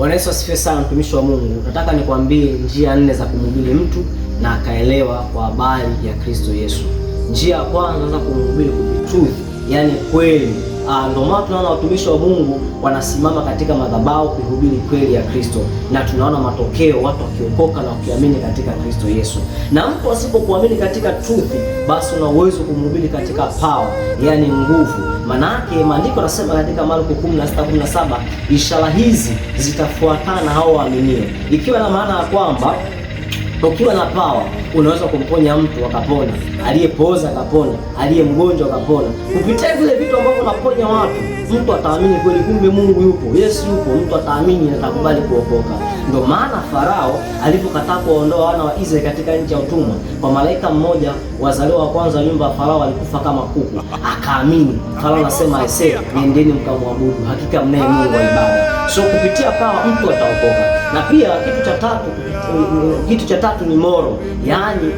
Bwana Yesu asifiwe sana, mtumishi wa Mungu. Nataka nikwambie njia nne za kumhubiri mtu na akaelewa kwa habari ya Kristo Yesu. Njia ya kwanza, kumhubiri kupitia, truth, yani kweli Ah, ndio maana tunaona watumishi wa Mungu wanasimama katika madhabahu kuhubiri kweli ya Kristo, na tunaona matokeo, watu wakiokoka na wakiamini katika Kristo Yesu. Na mtu asipokuamini katika truth, basi una uwezo kumhubiri katika power, yani nguvu. Manake maandiko yanasema katika Marko 16:17 ishara hizi zitafuatana hao waaminio, ikiwa na maana ya kwamba ukiwa na pawa unaweza kumponya mtu akapona, aliyepooza akapona, aliye mgonjwa akapona, kupitia vile vitu ambavyo unaponya watu mtu ataamini kweli, kumbe Mungu yupo, Yesu yupo, mtu ataamini atakubali kuokoka. Ndio maana Farao alipokataa kuwaondoa wana wa Israeli katika nchi ya utumwa kwa malaika mmoja, wazaliwa wa kwanza wa nyumba ya Farao alikufa kama kuku, akaamini. Farao anasema ese, niendeni mkamwabudu, hakika mnaye Mungu wa ibada. So kupitia pawa mtu ataokoka. Na pia kitu cha tatu, kitu cha tatu ni moro, yaani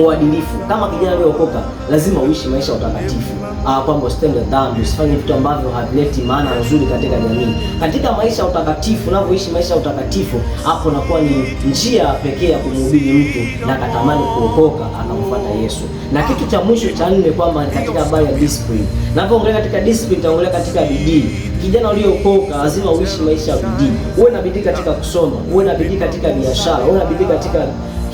uadilifu. Kama kijana aliyookoka, lazima uishi maisha ya utakatifu, ah, kwamba usitende dhambi, usifanye vitu ambavyo havileti maana nzuri katika jamii. Katika maisha ya utakatifu, unavyoishi maisha ya utakatifu, hapo nakuwa ni njia pekee ya kumhubiri mtu na akatamani kuokoka anamfuata Yesu. Na kitu cha mwisho cha nne, kwamba katika habari ya discipline, napoongelea katika discipline, taongelea katika bidii. Kijana uliokoka lazima uishi maisha ya bidii, uwe na bidii katika kusoma, uwe na bidii katika biashara, uwe na bidii katika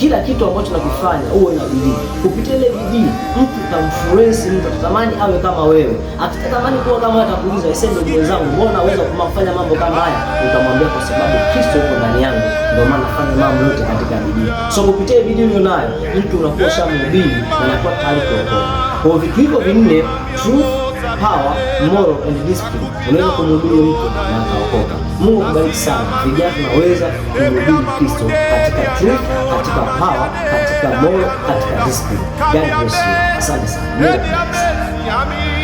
kila kitu ambacho nakifanya uwe na bidii. Kupitia ile bidii, mtu utamfluence, mtu atatamani awe kama wewe, atatamani kuwa kama atakuuliza, iseme ndugu wenzangu, mbona uweza kufanya mambo kama haya? Utamwambia kwa sababu Kristo yuko ndani yangu, ndio maana nafanya mambo yote katika bidii. So kupitia bidii nayo mtu unakuwa shamhubiri na unakuwa tayari kuokoka. Kwa vitu hivyo vinne, truth hawa moral and discipline, unaweza kumhubiri mtu na akaokoka. Mungu akubariki sana, vijana tunaweza kumhubiri Kristo katika truth, katika power, katika moral, katika discipline. God bless you. Asante sana.